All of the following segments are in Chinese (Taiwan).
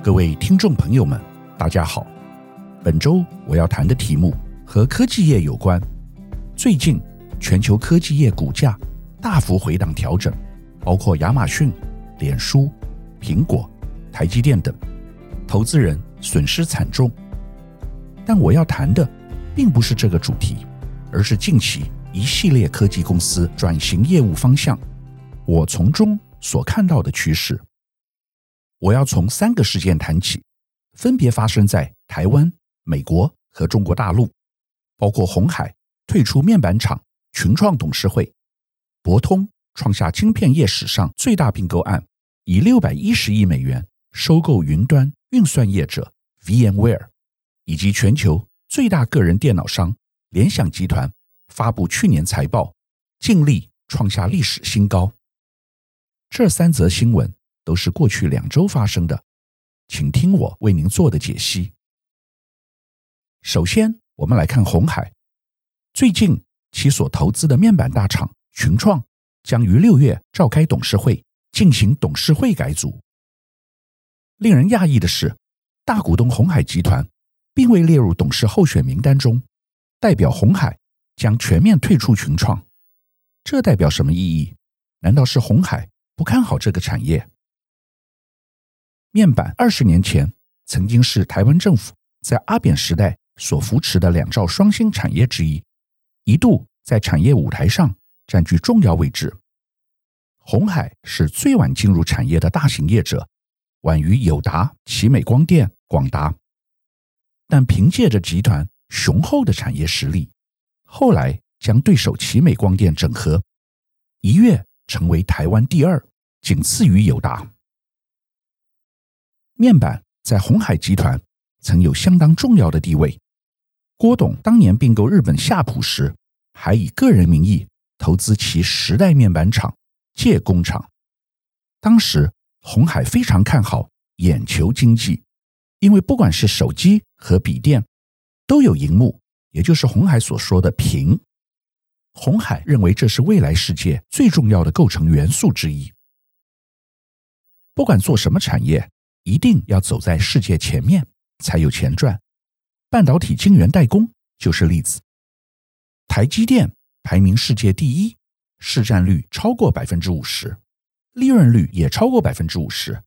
各位聽眾朋友們，大家好。本周我要談的題目和科技業有關。最近，全球科技業股價大幅回檔調整，包括亞馬遜、臉書、蘋果、台積電等，投資人損失慘重。但我要談的並不是這個主題，而是近期一系列科技公司轉型業務方向，我從中所看到的趨勢。我要從三個事件談起，分別發生在台灣、美國和中國大陸，包括鴻海退出面板廠、群創董事會、博通創下晶片業史上最大併購案，以六百一十億美元收購雲端運算業者 VMware，以及全球最大個人電腦商聯想集團發布去年財報，淨利創下歷史新高。這三則新聞。都是過去兩週發生的，請聽我為您做的解析。首先，我們來看鴻海，最近其所投資的面板大廠群創將於六月召開董事會，進行董事會改組。令人訝異的是，大股東鴻海集團並未列入董事候選名單中，代表鴻海將全面退出群創。這代表什麼意義？難道是鴻海不看好這個產業？面板二十年前曾經是台灣政府在阿扁時代所扶持的兩兆雙星產業之一，一度在產業舞台上占據重要位置。鴻海是最晚進入產業的大型業者，晚於友達、奇美光電、廣達，但憑借着集團雄厚的產業實力，後來將對手奇美光電整合，一躍成為台灣第二，僅次於友達。面板在鴻海集團曾有相當重要的地位。郭董當年併購日本夏普時，還以個人名義投資其十代面板廠堺工廠。當時鴻海非常看好眼球經濟，因為不管是手機和筆電，都有熒幕，也就是鴻海所說的屏。鴻海認為這是未來世界最重要的構成元素之一。不管做什麼產業。一定要走在世界前面才有錢賺。半導體晶圓代工就是例子。台積電排名世界第一，市占率超過百分之五十，利潤率也超過百分之五十。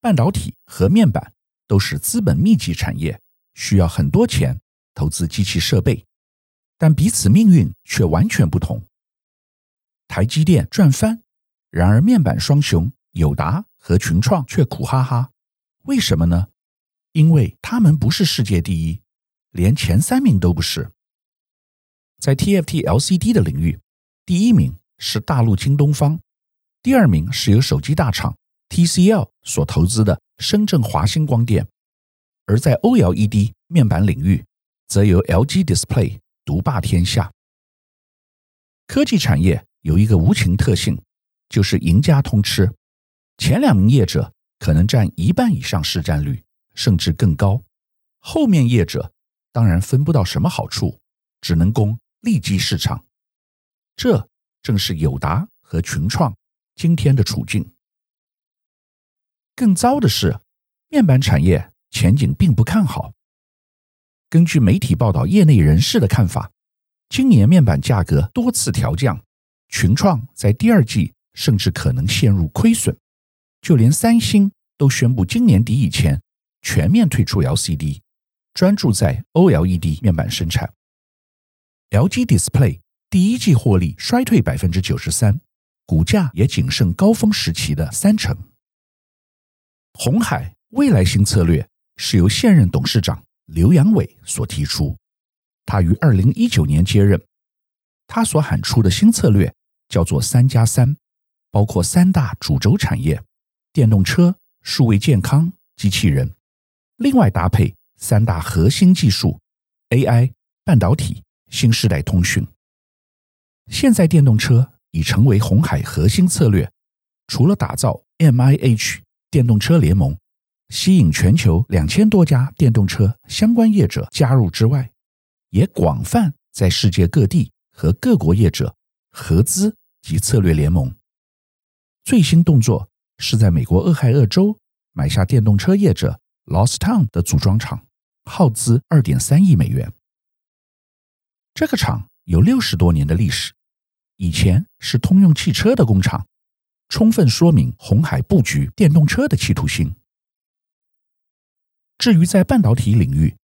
半導體和面板都是資本密集產業，需要很多錢投資機器設備，但彼此命運卻完全不同。台積電賺翻，然而面板雙雄友達。和群創卻苦哈哈，為什麼呢？因為他們不是世界第一，連前三名都不是。在 TFT LCD 的領域，第一名是大陸京東方，第二名是由手機大廠 TCL 所投資的深圳華星光電；而在 OLED 面板領域，則由 LG Display 獨霸天下。科技產業有一個無情特性，就是贏家通吃。前兩名業者可能占一半以上市占率，甚至更高。後面業者當然分不到什麼好處，只能攻利基市場。這正是友達和群創今天的處境。更糟的是，面板產業前景並不看好。根據媒體報道，業內人士的看法，今年面板價格多次調降，群創在第二季甚至可能陷入虧損。就連三星都宣布，今年底以前全面退出 LCD，專注在 OLED 面板生產。LG Display 第一季獲利衰退百分之九十三，股價也僅剩高峰時期的三成。鴻海未來新策略是由現任董事長劉揚偉所提出，他於二零一九年接任，他所喊出的新策略叫做“三加三”，包括三大主軸產業。電動車數位健康機器人，另外搭配三大核心技術：AI、半導體、新世代通訊。現在電動車已成為鴻海核心策略。除了打造 MIH 電動車聯盟，吸引全球兩千多家電動車相關業者加入之外，也廣泛在世界各地和各國業者合資及策略聯盟。最新動作。是在美國俄亥俄州買下電動車業者 Lost Town 的組裝廠，耗資二點三億美元。這個廠有六十多年的歷史，以前是通用汽車的工廠，充分說明鴻海布局電動車的企圖心。至於在半導體領域，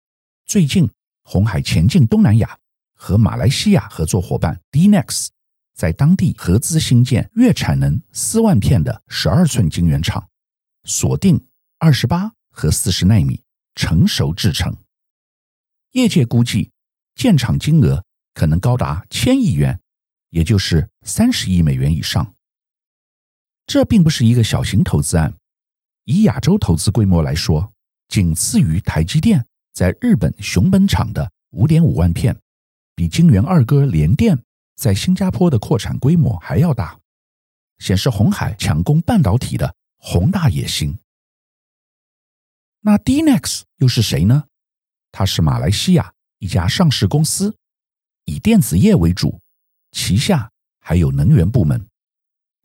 最近鴻海前進東南亞和馬來西亞合作伙伴 Dnex。在當地合資新建月產能四萬片的十二寸晶圓廠，鎖定二十八和四十奈米成熟製程，業界估計建廠金額可能高達千億元，也就是三十億美元以上。這並不是一個小型投資案，以亞洲投資規模來說，僅次於台積電在日本熊本廠的五點五萬片，比晶圓二哥聯電，在新加坡的擴產規模還要大，顯示鴻海搶攻半導體的宏大野心。那 Dnex 又是誰呢？它是馬來西亞一家上市公司，以電子業為主，旗下還有能源部門。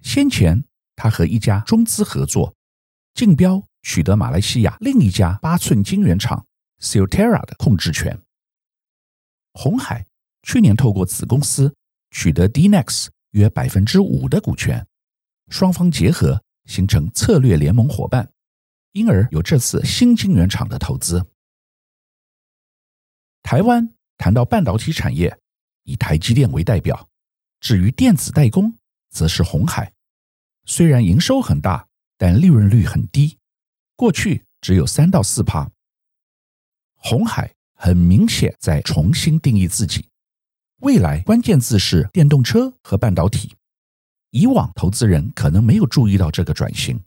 先前它和一家中資合作，競標取得馬來西亞另一家八寸晶圓廠 Silterra 的控制權。鴻海去年透過子公司。取得 Dnex 約百分之五的股權，雙方結合形成策略聯盟夥伴，因而有這次新晶圓廠的投資。台灣談到半導體產業，以台積電為代表；至於電子代工，則是鴻海。雖然營收很大，但利潤率很低，過去只有三到四趴。鴻海很明顯在重新定義自己。未來關鍵字是電動車和半導體。以往投資人可能沒有注意到這個轉型，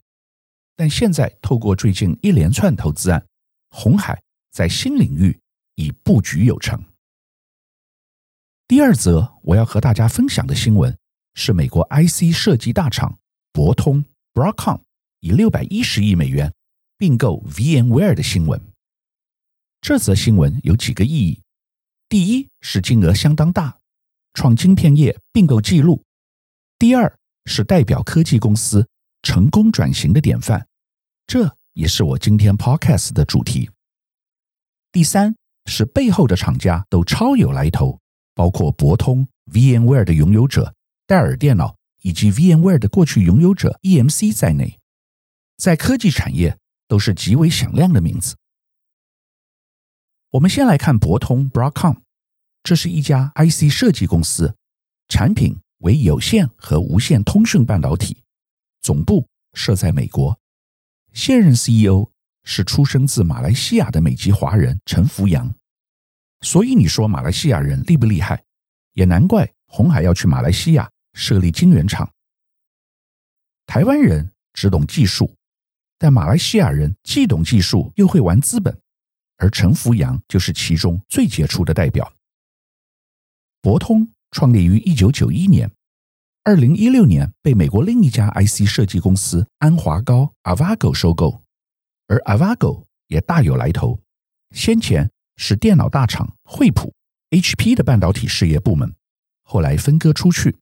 但現在透過最近一連串投資案，鴻海在新領域已布局有成。第二則我要和大家分享的新聞是美國 IC 設計大廠博通 （Broadcom） 以六百一十億美元併購 VMware 的新聞。這則新聞有幾個意義。第一是金額相當大，創晶片業併購記錄；第二是代表科技公司成功轉型的典範，這也是我今天 podcast 的主題。第三是背後的廠家都超有來頭，包括博通、VMware 的擁有者戴爾電腦以及 VMware 的過去擁有者 EMC 在內，在科技產業都是極為響亮的名字。我們先來看博通 （Broadcom）。這是一家 IC 設計公司，產品為有線和無線通訊半導體，總部設在美國。現任 CEO 是出生自馬來西亞的美籍華人陳福陽。所以你說馬來西亞人厲不厲害？也難怪鴻海要去馬來西亞設立晶圓廠。台灣人只懂技術，但馬來西亞人既懂技術又會玩資本，而陳福陽就是其中最傑出的代表。博通創立於一九九一年，二零一六年被美國另一家 IC 設計公司安華高 （Avago） 收購，而 Avago 也大有來頭，先前是電腦大廠惠普 （HP） 的半導體事業部門，後來分割出去。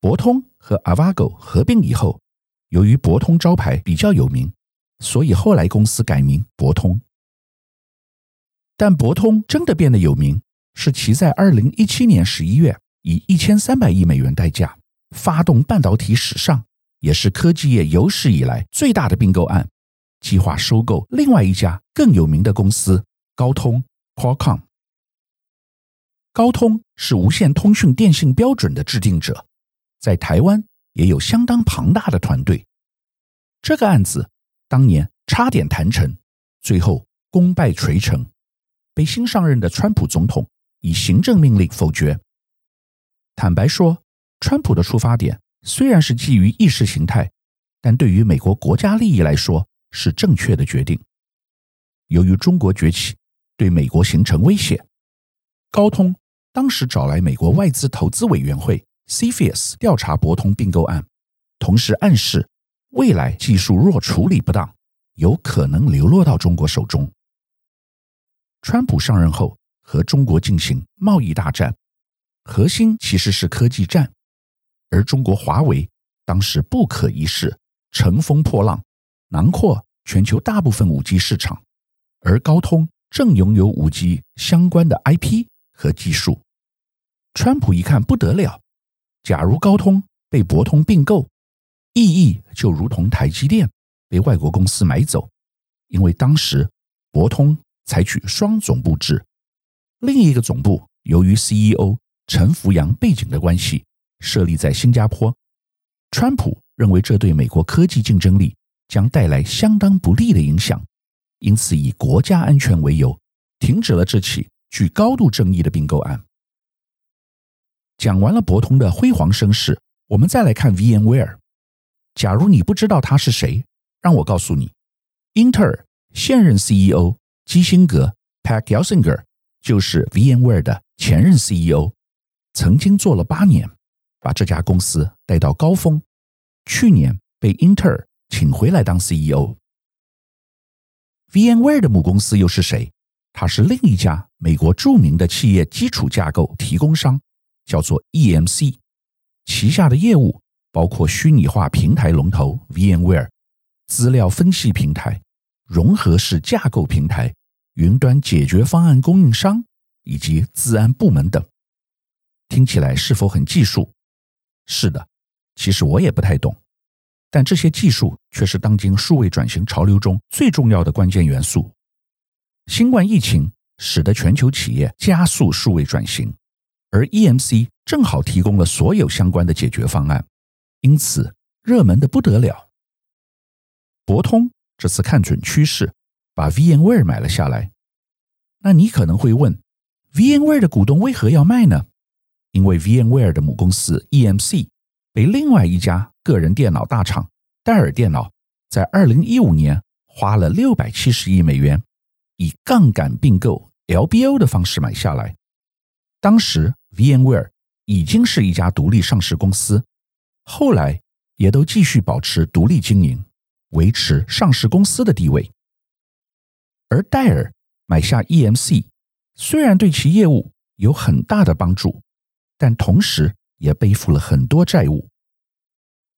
博通和 Avago 合併以後，由於博通招牌比較有名，所以後來公司改名博通。但博通真的變得有名。是其在二零一七年十一月以一千三百億美元代價發動半導體史上，也是科技業有史以來最大的併購案，計劃收購另外一家更有名的公司，高通 Qualcomm。高通是無線通訊電信標準的制定者，在台灣也有相當龐大的團隊。這個案子當年差點談成，最後功敗垂成，被新上任的川普總統，以行政命令否決。坦白說，川普的出發點雖然是基於意識形態，但對於美國國家利益來說是正確的決定。由於中國崛起對美國形成威脅，高通當時找來美國外資投資委員會 （CFIUS） 調查博通併購案，同時暗示未來技術若處理不當，有可能流落到中國手中。川普上任後，和中國進行貿易大戰，核心其實是科技戰，而中國華為當時不可一世，乘風破浪，囊括全球大部分 5G 市場，而高通正擁有 5G 相關的 IP 和技術。川普一看不得了，假如高通被博通併購，意義就如同台積電被外國公司買走，因為當時博通採取雙總部制。另一個總部由於 CEO 陳福陽背景的關係，設立在新加坡。川普認為這對美國科技競爭力將帶來相當不利的影響，因此以國家安全為由，停止了這起具高度爭議的併購案。講完了博通的輝煌身世，我們再來看 VMware。假如你不知道他是誰，讓我告訴你，英特爾現任 CEO 基辛格 （Pat Gelsinger）。就是 VMware 的前任 CEO，曾經做了八年，把這家公司帶到高峰。去年被英特爾請回來當 CEO。VMware 的母公司又是誰？它是另一家美國著名的企業基礎架構提供商，叫做 EMC。旗下的業務包括虛擬化平台龍頭 VMware、資料分析平台、融合式架構平台。雲端解決方案供應商以及資安部門等，聽起來是否很技術？是的，其實我也不太懂，但這些技術卻是當今數位轉型潮流中最重要的關鍵元素。新冠疫情使得全球企業加速數位轉型，而 EMC 正好提供了所有相關的解決方案，因此熱門得不得了。博通這次看準趨勢。把 VMware 買了下來。那你可能會問，VMware 的股東為何要賣呢？因為 VMware 的母公司 EMC 被另外一家個人電腦大廠戴爾電腦在二零一五年花了六百七十億美元，以槓桿併購 LBO 的方式買下來。當時 VMware 已經是一家獨立上市公司，後來也都繼續保持獨立經營，維持上市公司的地位。而戴爾買下 EMC，雖然對其業務有很大的幫助，但同時也背負了很多債務。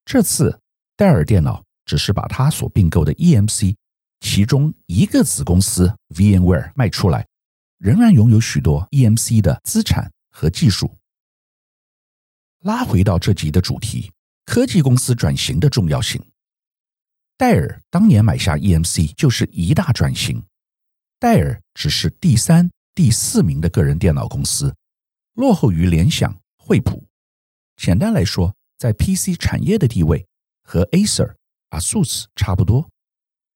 這次戴爾電腦只是把它所併購的 EMC 其中一個子公司 VMware 賣出來，仍然擁有許多 EMC 的資產和技術。拉回到這集的主題，科技公司轉型的重要性。戴爾當年買下 EMC 就是一大轉型。戴爾只是第三、第四名的個人電腦公司，落後於聯想、惠普。簡單來說，在 PC 產業的地位和 Acer、ASUS 差不多，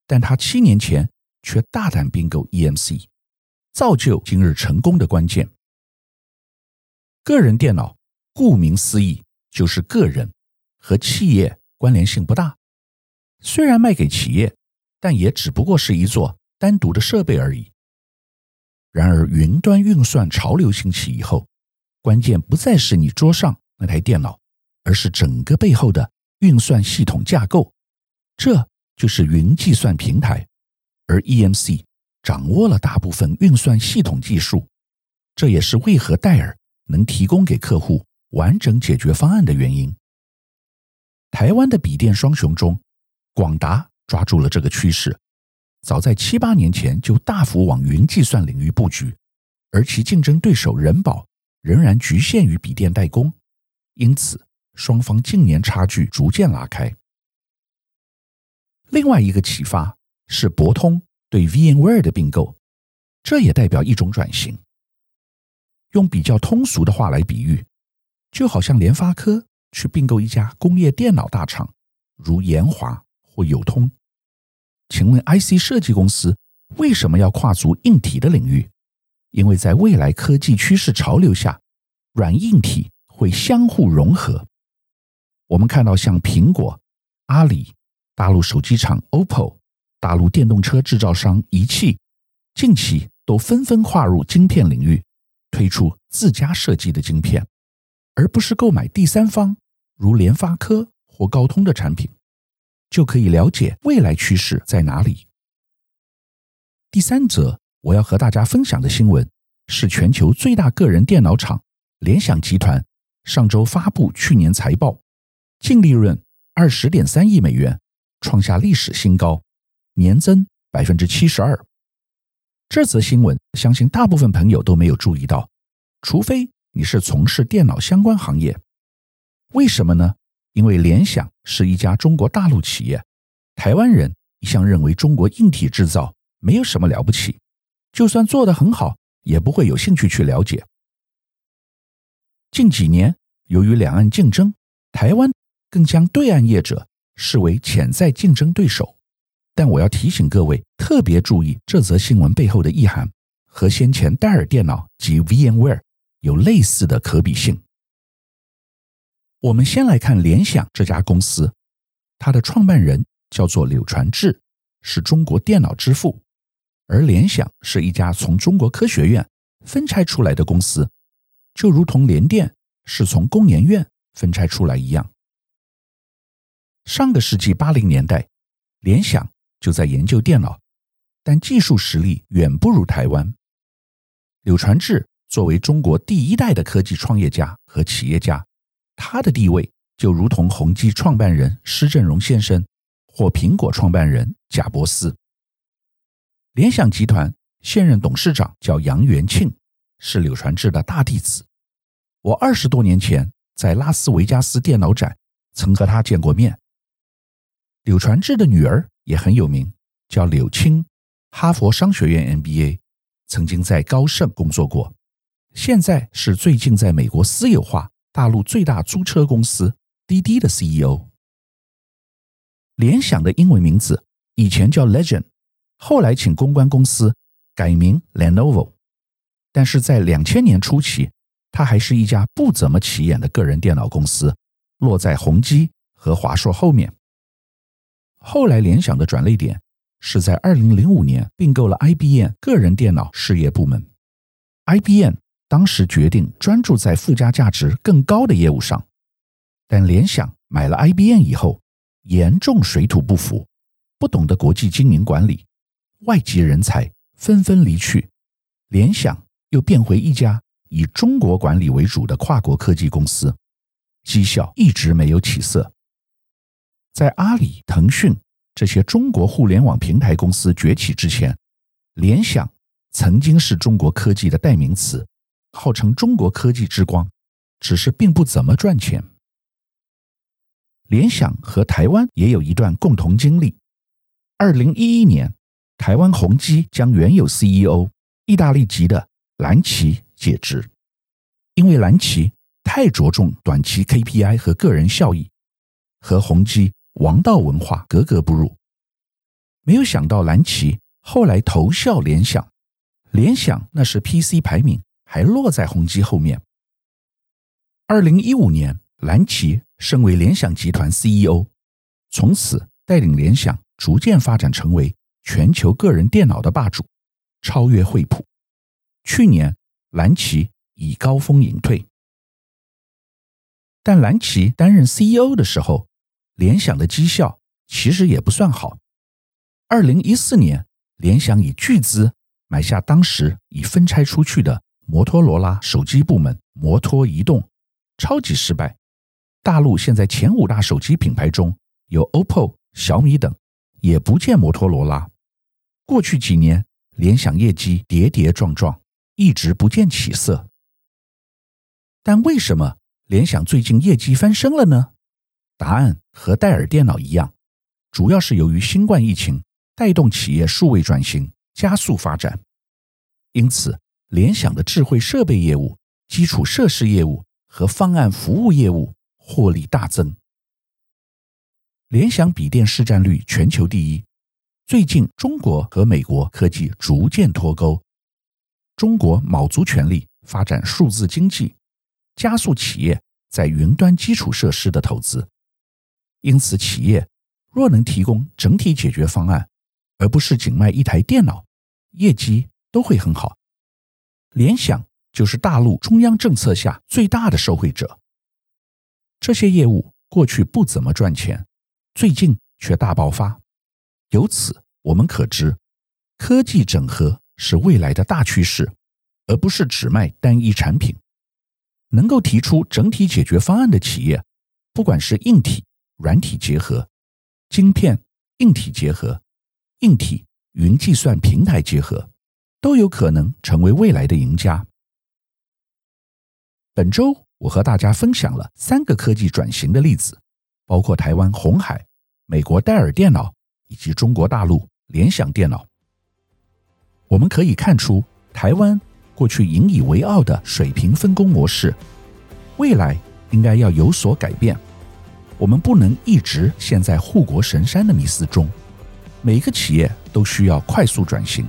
但他七年前卻大膽併購 EMC，造就今日成功的關鍵。個人電腦顧名思義就是個人，和企業關聯性不大，雖然賣給企業，但也只不過是一座。單獨的設備而已。然而，雲端運算潮流興起以後，關鍵不再是你桌上那台電腦，而是整個背後的運算系統架構。這就是雲計算平台，而 EMC 掌握了大部分運算系統技術，這也是為何戴爾能提供給客戶完整解決方案的原因。台灣的筆電雙雄中，廣達抓住了這個趨勢。早在七八年前就大幅往雲計算領域佈局，而其競爭對手仁寶仍然侷限於筆電代工，因此雙方近年差距逐漸拉開。另外一個啟發是博通對 VMware 的併購，這也代表一種轉型。用比較通俗的話來比喻，就好像聯發科去併購一家工業電腦大廠，如研華或友通。請問 IC 設計公司為什麼要跨足硬體的領域？因為在未來科技趨勢潮流下，軟硬體會相互融合。我們看到像蘋果、阿里、大陸手機廠 OPPO、大陸電動車制造商一汽，近期都紛紛跨入晶片領域，推出自家設計的晶片，而不是購買第三方，如聯發科或高通的產品。就可以了解未來趨勢在哪裡。第三則我要和大家分享的新聞是全球最大個人電腦廠聯想集團上週發布去年財報，淨利潤二十點三億美元，創下歷史新高，年增百分之七十二。這則新聞相信大部分朋友都沒有注意到，除非你是從事電腦相關行業。為什麼呢？因為聯想是一家中國大陸企業，台灣人一向認為中國硬體製造沒有什麼了不起，就算做得很好，也不會有興趣去了解。近幾年，由於兩岸競爭，台灣更將對岸業者視為潛在競爭對手，但我要提醒各位特別注意這則新聞背後的意涵，和先前戴爾電腦及 VMware 有類似的可比性。我們先來看聯想這家公司，它的創辦人叫做柳傳志，是中國電腦之父。而聯想是一家從中國科學院分拆出來的公司，就如同聯電是從工研院分拆出來一樣。上個世紀八零年代，聯想就在研究電腦，但技術實力遠不如台灣。柳傳志作為中國第一代的科技創業家和企業家，他的地位就如同宏基創辦人施振榮先生，或蘋果創辦人賈伯斯。聯想集團現任董事長叫楊元慶，是柳傳志的大弟子。我二十多年前在拉斯維加斯電腦展曾和他見過面。柳傳志的女兒也很有名，叫柳青，哈佛商學院 MBA，曾經在高盛工作過，現在是最近在美國私有化。大陸最大租車公司滴滴的 CEO。聯想的英文名字以前叫 Legend，後來請公關公司改名 Lenovo。但是在兩千年初期，它還是一家不怎麼起眼的個人電腦公司，落在宏碁和華碩後面。後來聯想的轉捩點是在二零零五年併購了 IBM 個人電腦事業部門，IBM。當時決定專注在附加價值更高的業務上，但聯想買了 IBM 以後，嚴重水土不服，不懂得國際經營管理，外籍人才紛紛離去，聯想又變回一家以中國管理為主的跨國科技公司，績效一直沒有起色。在阿里、騰訊這些中國互聯網平台公司崛起之前，聯想曾經是中國科技的代名詞。號稱中國科技之光，只是並不怎麼賺錢。聯想和台灣也有一段共同經歷。二零一一年，台灣宏碁將原有 CEO 意大利籍的蘭奇解職，因為蘭奇太着重短期 KPI 和個人效益，和宏碁王道文化格格不入。沒有想到蘭奇後來投效聯想，聯想那是 PC 排名。還落在宏碁後面。二零一五年，蘭奇升為聯想集團 CEO，從此帶領聯想逐漸發展成為全球個人電腦的霸主，超越惠普。去年，蘭奇以高峰隱退。但蘭奇擔任 CEO 的時候，聯想的績效其實也不算好。二零一四年，聯想以巨資買下當時已分拆出去的。摩托羅拉手機部門摩托移動，超級失敗。大陸現在前五大手機品牌中有 OPPO、小米等，也不見摩托羅拉。過去幾年，聯想業績跌跌撞撞，一直不見起色。但為什麼聯想最近業績翻身了呢？答案和戴爾電腦一樣，主要是由於新冠疫情帶動企業數位轉型加速發展，因此，聯想的智慧設備業務、基礎設施業務和方案服務業務獲利大增。聯想筆電市佔率全球第一。最近，中國和美國科技逐漸脫鈎，中國卯足全力發展數字經濟，加速企業在雲端基礎設施的投資。因此，企業若能提供整體解決方案，而不是僅賣一台電腦，業績都會很好。聯想就是大陸中央政策下最大的受惠者。這些業務過去不怎麼賺錢，最近卻大爆發。由此我們可知，科技整合是未來的大趨勢，而不是只賣單一產品。能夠提出整體解決方案的企業，不管是硬體、軟體結合，晶片、硬體結合，硬體、雲計算平台結合。都有可能成為未來的贏家。本周我和大家分享了三個科技轉型的例子，包括台灣鴻海、美國戴爾電腦以及中國大陸聯想電腦。我們可以看出，台灣過去引以為傲的水平分工模式，未來應該要有所改變。我們不能一直陷在護國神山的迷思中，每一個企業都需要快速轉型。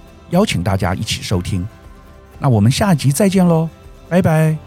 邀請大家一起收聽，那我們下集再見嘍，拜拜。